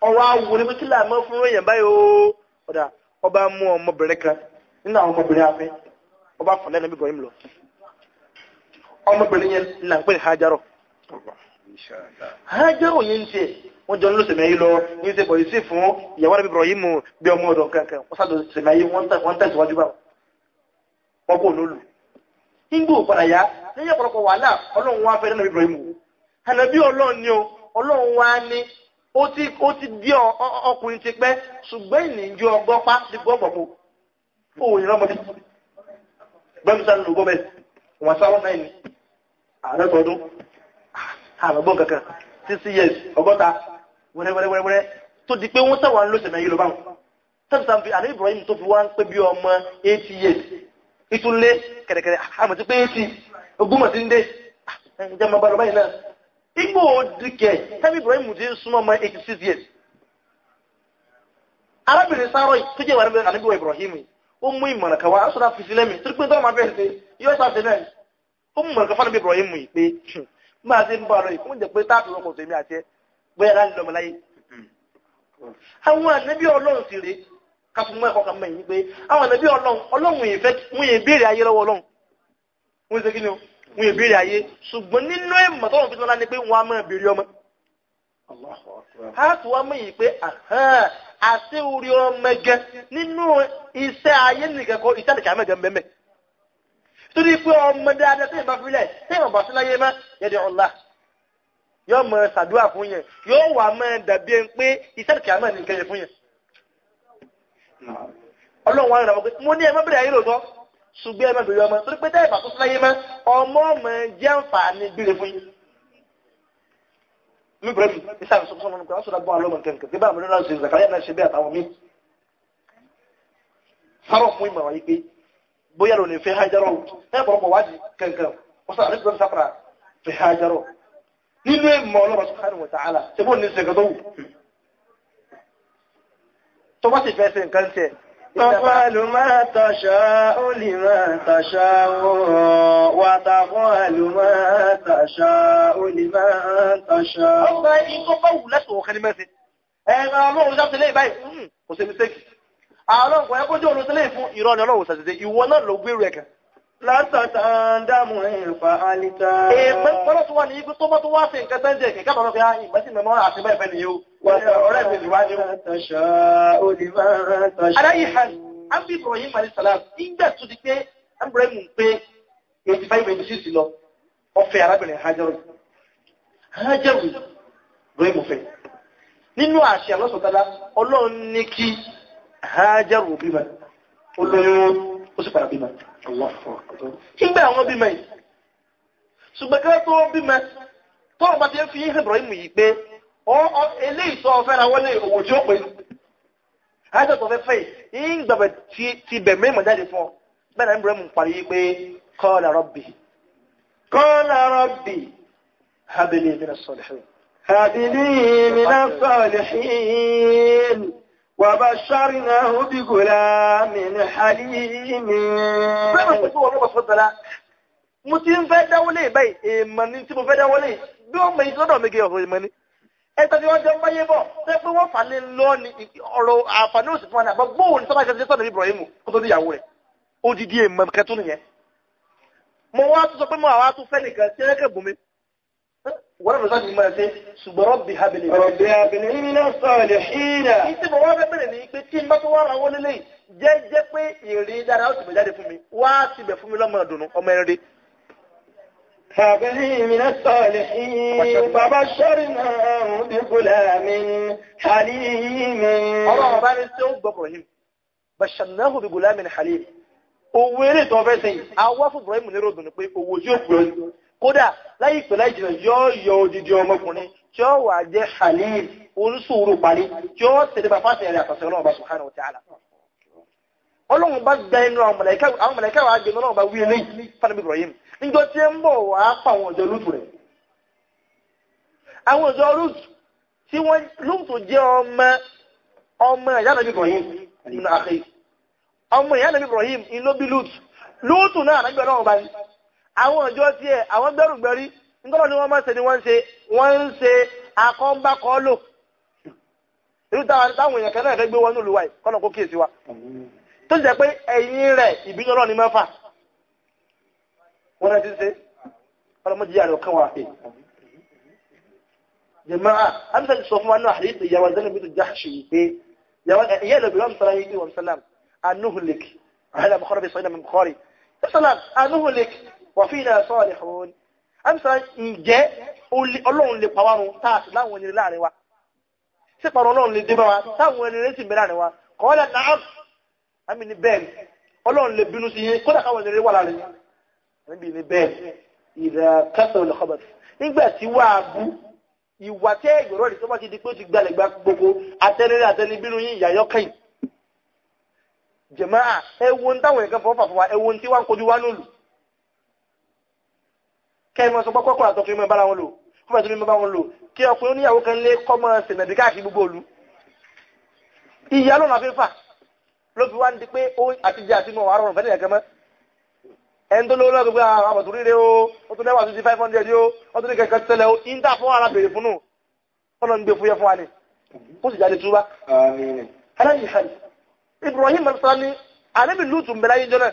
ọwọ́ awo ni bíkílà mọ́ fún èèyàn báyìí ó ọ̀dà ọba mú ọmọbìnrin kan nínú àwọn ọmọbìnrin afẹ́ ọba fọ̀lẹ́ nàbí Ibrahim lọ ọmọbìnrin yẹn là ń pè ní Hajaro Hajaro yẹn ń tiẹ̀ wọ́n jọ ń lọ lọ ní ṣe bọ̀yì sí fún ìyàwó nàbí Ibrahim bí ọmọ ọ̀dọ̀ kankan wọ́n sàdọ̀ sẹ̀mẹ́yì wọ́n tẹ̀síwájú báwọn wọ́n kò lólu nígbò padà yá lẹ́yìn ọ̀pọ̀lọpọ̀ wàhálà ọlọ́run wá fẹ́ nínú Ibrahim ànàbí ọlọ́run ni o ọlọ́run wá ní ó ti ó ti di ọkùnrin ti pẹ́ ṣùgbọ́n ìníjú ọgbọ́pá ti gbọ́gbọ̀pọ̀ ó wòye lọ́mọdé gbẹ́mísà ló gbọ́ bẹ́ẹ̀ wọ́n sáwọ́ náà ní ààrẹ tọdún àrọ̀gbọ́n kankan sixty years ọgọ́ta wẹ́rẹ́wẹ́rẹ́wẹ́rẹ́ tó di pé wọ́n sáwọn lóṣèlú ayélujára tẹ́lifíṣàn fi àlẹ́ Ibrahim tó fi wá ń pé bí ọmọ eighty years ìtúnlé kẹ̀rẹ̀kẹ̀rẹ̀ àmọ̀ ah, ti pé sí ogúnmọ̀ sí ń dé ìjọba ah, bá lọ́bàá iná igbó dìkẹ̀ tẹ́bí Ibrahim súnmọ́ 86 years arábìnrin sáró tó jẹ́ ó mú aṣọ́dá tó sí yóò náà ó mú pé máa hmm, ń àti hmm. àwọn àníbí Ọlọ́run sì rèé káfíńmọ́ ẹ̀kọ́ kan mẹ́yìn pé àwọn ẹ̀nàbí ọlọ́run ọlọ́run ìfẹ́ wọ́n yẹ béèrè ayé lọ́wọ́ ọlọ́run wọ́n ṣe kí ni o wọ́n yẹ béèrè ayé ṣùgbọ́n nínú ẹ̀mọ̀ tọ́lọ̀ fi tọ́lá ni pé wọ́n á máa béèrè ọmọ. a tún wá mẹ́yìn pé àti orí ọmọ gẹ nínú iṣẹ́ ayé nìkan kọ́ iṣẹ́ àdìkà mẹ́gẹ mẹ́mẹ́ torí pé ọmọ dáadáa tẹ́yìn bá filẹ̀ tẹ́yìn bá síláyé mọ́ yẹ́dẹ̀ ọ̀la yóò mọ ṣàdúrà fún yẹn yóò wà mọ́ dàbí pé iṣẹ́ àdìkà mẹ́rin kẹyẹ fún yẹn ọlọ́run wọn rẹ̀ wọ́n pé mo ní ẹmọ́ bẹ̀rẹ̀ ayé lòótọ́ ṣùgbọ́n ẹmọ́ bẹ̀rẹ̀ ọmọ torí pé tẹ́ ìbà tó sún láyé mọ́ ọmọ ọmọ jẹ́ àǹfààní gbére fún yín. mi bẹ̀rẹ̀ mi ní sáà sọ́kọ́ sọ́kọ́ wọn sọ́dọ̀ bọ́ àlọ́ mọ̀ kẹ̀kẹ́ bá àmì náà ṣe zàkàlẹ́ náà ṣe bẹ́ẹ̀ àtàwọn mi. sárọ̀ fún ìmọ̀ wáyé pé bóyá ló lè fẹ́ hájárọ̀ ẹ̀ bọ̀ wájú kẹ̀kẹ́ tó bá sì fẹ́ sí nǹkan tẹ̀. Tọ́fàlù máa tàṣà ó lè máa tàṣà ọ̀rọ̀ wà tàfàlù máa tàṣà ó lè máa tàṣà ọ̀rọ̀. Ọgbà ikọ́ bá wù lẹ́sùn ọ̀kan ní mẹ́sìn. Ẹ̀rọ ọlọ́run sáfẹ́lẹ́ ìbáyìí, hmm, kò sí mistake. Àwọn ọlọ́run kò ẹkójú ọlọ́run sílẹ̀ fún látàtàndàmù ẹ̀fà alìta. Èèpẹ́ eh, pọ́lọ́ tó wà ní ibi tó bọ́ tó wá sí nǹkan tẹ́jẹ̀ kìí kábàmọ́ fi ààyè ah, ìgbẹ́sì mẹ́mọ́ àti bẹ́ẹ̀ fẹ́ni yóò. Ọ̀rẹ́ mi wá ní tàṣà olùmọ̀ tàṣà. Aláyé hàn, Ábí Ibrahim Alisalam, ìgbà tó di pé Ibrahim ń pé 85-86 lọ, ọfẹ́ arábìnrin Hajaru. Hajaru, Ibrahim fẹ́ nígbà àwọn bímọ yìí ṣùgbọ́n kí wọ́n tó bímọ tó ọba ti ń fi Ibrahim yìí pé eléyìí sọ ọ̀fẹ́ ra wọlé òwò tí ó pè ájọ tó fẹ́ fẹ́ yìí ń gbàgbẹ́ ti bẹ̀ mẹ́mọ̀ jáde fún ọ وبشرناه بغلام حليم mo ti ń fẹ́ dáwọ́lé báyìí èèmọ̀ ni tí mo fẹ́ dáwọ́lé bí wọ́n mọ ìsọ́dọ̀ mi gé ọ̀rọ̀ èèmọ̀ ni ẹ̀tọ́ tí wọ́n jẹ́ báyé bọ̀ tẹ́ pé wọ́n fà lé lọ ní ọ̀rọ̀ àǹfààní òsì fún ọ̀nà àbọ̀gbọ́ òní sábà ní ìyàwó ẹ̀ odidi èèmọ̀ wọ́n rẹ̀ sọ́jú máa ṣe ṣùgbọ́n rọ́bì habìlì rọ́bì habìlì nínú sọ̀rọ̀ ìrìnà ìtì bọ̀ wọ́n bẹ̀rẹ̀ ní pé tí n bá tó wọ́n ra wọ́n lélẹ̀ jẹ́ jẹ́ pé èrè dára ó ti bẹ̀ jáde bàbá sọ́rì náà ń bí kúlẹ̀ mi hàlì mi. ọlọ́run bá ní tí ó gbọ́ Ibrahim bàṣànáhù bí gùlámì hàlì owó eré ìtọ́ sẹ́yìn awọ́ fún Ibrahim ní ròdùn pé owó yóò gbọ́ kódà láìpẹ́ láì jìnà yóò yọ odidi ọmọkùnrin tí ó wà jẹ́ halil oníṣòro parí tí ó tẹ̀lé bá fásitì rẹ̀ àtọ̀sẹ̀ ọlọ́run bá subhanahu wa ta'ala ọlọ́run bá gba inú àwọn mọ̀lẹ́kẹ́ wa jẹ́ ọlọ́run bá wí ní fanabi Ibrahim níjọ tí ń bọ̀ wá pa àwọn ọjọ́ lútù rẹ̀ àwọn ọjọ́ lútù tí wọ́n lútù jẹ́ ọmọ ọmọ ìyá nàbí Ibrahim ọmọ ìyá nàbí Ibrahim ìlóbi lútù lútù náà nàbí ọlọ́run bá àwọn ìjọ tí ẹ̀ àwọn gbẹ́rùgbẹ́rí nígbọ́n ni wọ́n máa ṣe ni wọ́n ń ṣe wọ́n ń ṣe akọ́ńbákọ́ lò irú táwọn èèyàn kan náà fẹ́ gbé wọn ní olùwà kọ́nà kó kíyèsí wa tó sì jẹ́ pé ẹ̀yìn rẹ̀ ìbínú ọlọ́ni mẹ́fà wọ́n rẹ̀ ti ṣe ọlọ́mọdé yàrá ọ̀kan wà pé jẹ̀máà amsa ti sọ fún wa náà àdéhùn ìyàwó Zainab bint Jahsh pé ìyá ìlú bìrọ̀ sọ̀rọ̀ yìí wọ́n sálàm anúhùlẹ̀kì àhẹ́lẹ̀ àbúkọ́rọ̀ bí sọ́yìn àmì وفينا صالحون amsa ǹjẹ́ Ọlọ́run lè pàwárun táàsì láwọn ènìyàn láàrin wa sí pàrọ̀ Ọlọ́run lè débá wa táwọn ènìyàn sì bẹ̀rẹ̀ wa kọ́ọ́lẹ̀ náà àmì ní bẹ́ẹ̀ Ọlọ́run lè bínú sí yín kódà káwọn ènìyàn wà láàrin níbi ní bẹ́ẹ̀ ìdá kẹsàn-án lọ́kọ̀bẹ̀tì nígbà tí wà á bú ìwà tẹ́ ìgbòrò rẹ̀ tó bá ti di pé ó ti gbalẹ̀ gba gbogbo atẹ́lẹ́rẹ́ atẹ́lẹ́bínú yín ìyàyọ́ kẹ́rin wọn sọ pé kọ́kọ́ àtọ́kùnrin mọ́ ìbára wọn lò kọ́kọ́ àtọ́kùnrin mọ́ ìbára wọn lò kí ọkùnrin oníyàwó kan lé kọ́mọ sèmẹ̀dì káàkiri gbogbo òlu ìyá lọ́nà fífà ló fi wá ní pé ó àtijọ́ àti mọ̀ wàárọ̀ fẹ́ nìyẹn kẹ́mọ́ ẹni tó lówó lọ́gbẹ̀gbẹ̀ ah, àbọ̀tún rírẹ o ó tún lẹ́wà twenty five hundred o ó tún ní kẹ̀kẹ́ tẹ́lẹ̀ o ìńtà fún ara bèrè ọ̀nà ń gbé fúyẹ́ fún wa ni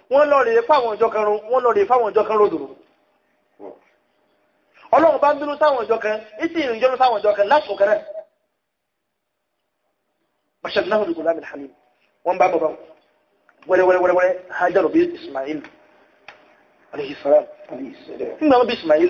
wọ́n lọ rèé fáwọn ìjọ kan wọ́n lọ rèé fáwọn ìjọ kan ròdòrò ọlọ́run bá ń bínú sáwọn ìjọ kan ìsì ìrìnjọ́nú sáwọn ìjọ kan láti òkèrè bàṣẹ ismail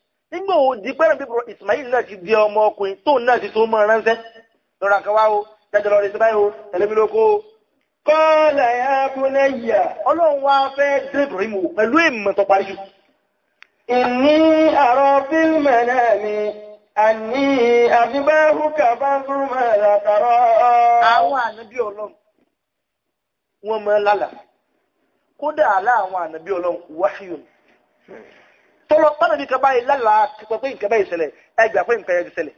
nígbà wo di pẹ́rẹ́ bí Ismail náà ti di ọmọ ọkùnrin tó náà ti tó mọ́ ránṣẹ́ lọ́ra kan wá o jẹjọ lọ rí sí báyìí o ẹlẹ́mi ló kó o. kọ́ọ̀lá ya bunayya ọlọ́run wá fẹ́ dírẹ́bù rí mu pẹ̀lú èèmọ̀ tó parí jù. inni ara fil manami àní àfibáhù kàbá fúnmọ̀ látàrọ. àwọn ànábì ọlọ́run wọ́n mọ tọ́lọ tọ́lọ ní kaba yìí lálàá pípẹ́ pé nǹkan báyìí ṣẹlẹ̀ ẹgbẹ́ pé nǹkan yẹn ti ṣẹlẹ̀.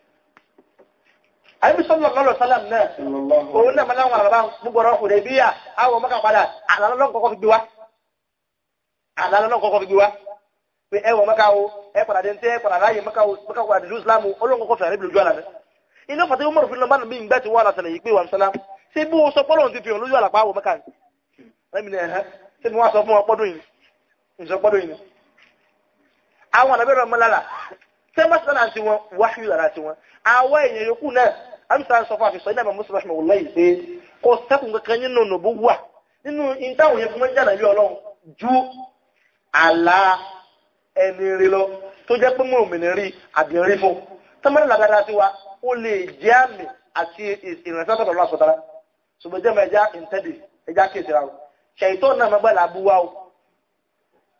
àyẹ̀bí sọ́lọ̀ lọ́lọ́ sálàm náà òun náà máa láwọn àràbá gbúgbọ́rọ̀ ọkùnrin bí yà àwọn ọmọ kan padà àlàlọ́ kọ́kọ́ fi gbé wa àlàlọ́ kọ́kọ́ fi gbé wa pé ẹ wọ mọ́ká o ẹ padà dé ntẹ́ padà ráyè mọ́ká o mọ́ká o padà dúró islam olóńgbò kọfẹ́ àrẹ́bí lójú àlà mi. iná fàtẹ́ umaru fi lọ́mọ́nù mi gbẹ́ ti wọ́n àlàsẹ̀ yìí pé wà sálám ṣé bí àwọn àbẹ̀rẹ̀ ọmọ lára tẹ́mọ́sí lára sí wọn wáṣíù lára sí wọn àwọn èèyàn yòókù náà amsa sọ fún àfisọ iná àmọ́ mùsùlùmí àṣìmọ̀ wòlá yìí pé kò sẹ́kùn kankan nínú nùbú wà nínú ìtàwọn yẹn fún mọ́ jàdà bí ọlọ́run ju àlá ẹni rí lọ tó jẹ́ pé mòmìnir rí àbí rí fún tẹ́mọ́sí lára sí wa ó lè jẹ́ àmì àti ìrìnàṣẹ́ tọ̀dọ̀ lọ́sọ̀tara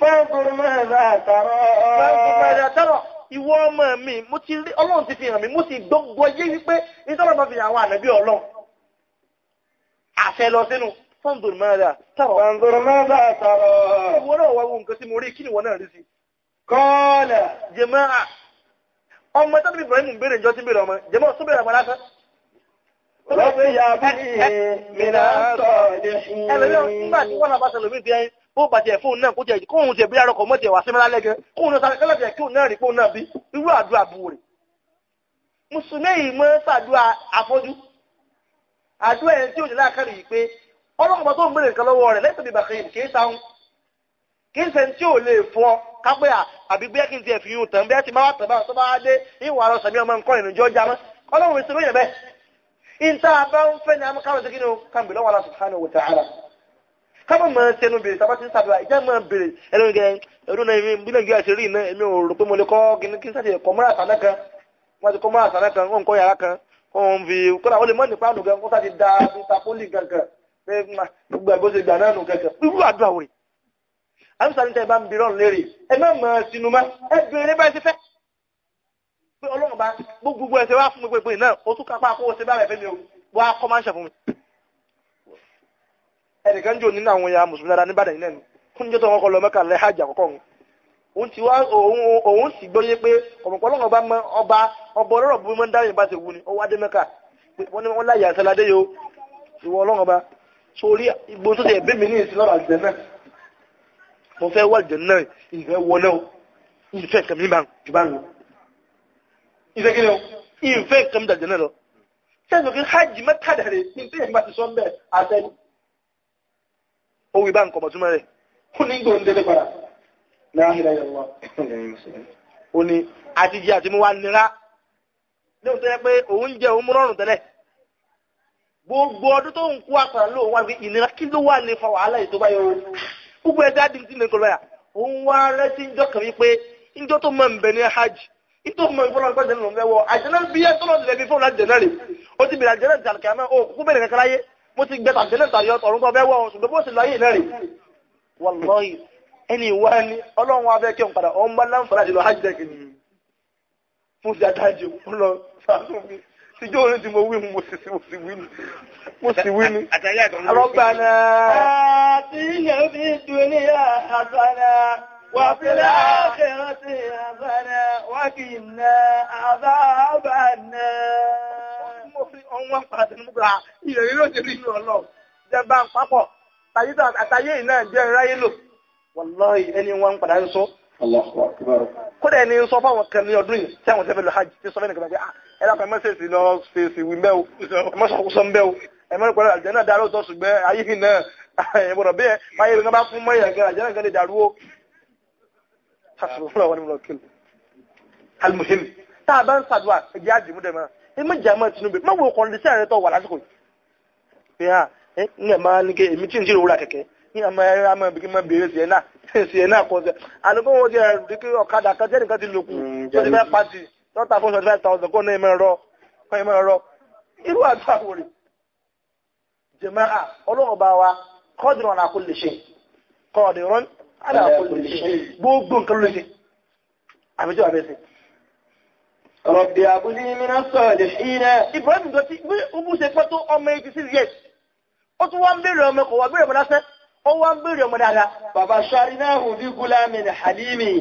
fọ́nbùrù mẹ́ta tọrọ. fọ́nbùrù mẹ́ta tọrọ. ìwọ ọmọ mi mo ti rí ọlọ́run ti fi hàn mí mo sì gbogbo yé wípé nítorí ọmọ fi hàn àwọn ànábì ọlọ́run. àṣẹ lọ sínú fọ́nbùrù mẹ́ta tọrọ. mẹ́ta tọrọ. ìwọ náà wá nǹkan tí mo rí kí ni ìwọ náà rí sí. kọ́ọ̀lẹ̀. ọmọ Ibrahim ìjọ tí ọmọ tó lásán. mi náà ó bàjẹ́ fóun náà kó jẹ́ kóun jẹ́ bí arọkọ̀ mọ́ jẹ́ wà sí mẹ́lá lẹ́gẹ́ kóun náà sáré kẹ́lẹ́jẹ́ kí òun náà rí kóun náà bí irú àdúrà bu rẹ̀ mùsùlùmí yìí mọ́ sàdúrà afọ́jú àdúrà ẹni tí ò jẹ́ láàkàrí yìí pé ọlọ́kọ̀ọ́ tó ń bèrè nǹkan lọ́wọ́ rẹ̀ lẹ́sẹ̀ bíbà kìí kìí sáhùn kìí sẹ́ tí ò lè fọ́ kápẹ́ àbí bí ẹkìn ti ẹ̀fìn tàn bí ẹ ti a káwọn kí ni ó kámọ̀ máa ṣẹnu bèrè sábà ti ń sàdúrà ìjà máa bèrè ẹlẹ́nu gẹ̀ ẹdún náà èmi bí nàìjíríà ṣe rí iná èmi ò rò pé mo lè kọ́ kí n sàṣe ẹ̀kọ́ mọ́ra àṣà náà kan wọ́n ti kọ́ mọ́ra àṣà náà kan wọ́n ń kọ́ yàrá kan wọ́n fi kọ́ra ó lè mọ́ nípa àdùn gan kó sáà ti da tapoli gangan pé gbogbo àgbọ̀ ṣe gbà náà nù gangan wíwú àdúrà wòrè. àmísà níta ìbá ń bi rán lérè ẹ má mọ̀ ẹ́ sinú má ẹ bèrè bá ẹ ti fẹ́. pé ọlọ́run bá gbogbo ẹsẹ̀ wá fún mi pé pé náà o tún kápá kó o ṣe bá rẹ̀ fẹ́ mi o wọ́n á kọ́ máa ń ṣàfùn ẹnìkan jò nínú àwọn ya mùsùlùmí dáadáa níbàdàn yìí lẹ́nu fún níjọ́ tó wọn kọ lọ Mẹ́kà lẹ́ hajj àkọ́kọ́ wọn òun ti wá òun sì gbóyè pé ọ̀pọ̀lọpọ̀ lọ́wọ́ bá ọba ọba ọlọ́rọ̀ bí wọ́n dáhùn bá ti wù ní ọwọ́ adé Mẹ́kà wọ́n ní wọ́n láyé àṣàládé yìí o ìwọ ọlọ́run ọba sórí igbó tó ti ẹ̀bẹ́ mi ní ìsìn lọ́rọ̀ àjẹ́ náà mo fẹ́ wà jẹ́ náà ìfẹ́ wọlé o ìfẹ́ kàmí bá ju bá lọ ìfẹ́ kí ni o ìfẹ́ kàmí dàjẹ́ náà lọ sẹ́yìn kí hajj mẹ́ta dàrẹ́ ní ó wí bá nǹkan ọmọtúmọ̀ rẹ̀ ó ní gbòó ń délé padà láàrínláyàwó ó ní àti jẹ àti mú wa nira léwu tó yẹ pé òun gbogbo tó ń kú àpàrà lóun wá ìnira kí wà ní fa wàhálà o gbogbo ẹ̀dá dín sí nìkan lọ́yà òun wá rẹ́tí ìjọ kan wípé ìjọ tó ti mo ti gbẹ tàbílẹ̀ tàbí ọ̀run tó bẹ́wọ̀ ṣùgbọ́n bó sì lọ yìí lẹ́rìn wàlọ́yì ẹni ìwá ni ọlọ́run abẹ́ kí n padà ọ̀n bá láǹfààní àti lọ ni mo sì àtàjì mo lọ sàánú orin tí mo wí mo sì sí mo sì wí ni mo sì wí ni arọ́gbàna. àti ilẹ̀ fi dunya àgbàna wà fílẹ̀ àkẹ́rọ̀ sí àgbàna wà kì í ná àbá àbá ọwọ́n pàtàkìmúgbà ìrẹ̀rí ló ti rí inú ọlọ́ jẹba pápọ̀ tàyíta àtàyé iná jẹ́ ráyé lò wallahi ẹni wọn padà ń sọ kódà ẹni ń sọ fáwọn kan ní ọdún yìí tí àwọn tẹ́fẹ́ lọ hajj tí sọ fẹ́ nìkan pé ah, ẹ dákọ̀ ẹ mẹ́sẹ̀sì lọ fèsì wí mbẹ́ o ẹ mọ́sọ̀kúsọ mbẹ́ o ẹ mẹ́rin pẹ̀lú àjẹ́ náà dáró tó ṣùgbẹ́ ayé fi náà ẹ̀bọ̀rọ̀ bí ẹ báyé bí wọ́n bá fún mọ́yà gan àjẹ́ náà gan lè dàrú o. tá a bá ń ṣàdúrà ẹ̀jẹ̀ àjẹmúdẹ̀ mọ́ra ẹmọ jàmọ́ Tinubu mọ́ wo kọ̀ndíṣẹ́ rẹ tọ́ wà lásìkò yìí pé ha ah, ẹ ń yàn máa ní kí èmi tí ń jìrò wúra kẹ̀kẹ́ ní àmọ́ ẹ ra máa bìkí máa bèrè sí ẹ náà sí ẹ náà kọ́ sí ẹ àlùkò wọn ti rí eh, kí ọ̀kadà kan jẹ́ nìkan ti lòkù twenty five party tọ́ta fún twenty five thousand kó ní ìmọ̀ ẹ̀rọ kó ìmọ̀ ẹ̀rọ irú àdúrà wò rè jẹ̀mọ́ à ah, ọlọ́run bá wa kọ́ọ̀dùn ọ̀nà àkó lè ṣe kọ́ọ̀dùn ọ̀nà àkó lè ṣe gbogbo nǹkan ló ṣe àbíjọ́ àbẹ́sẹ̀ Rabbi abúlé mìíràn sọ̀rọ̀ ìrìnà Ibrahim tó ti gbé ogún ṣe fẹ́ tó ọmọ 86 years ó tún wá ń bèèrè ọmọ kò wá bèèrè ọmọ lásán ó wá ń bèèrè ọmọ dáadáa bàbá sáré náà hù bí gúlámì halimi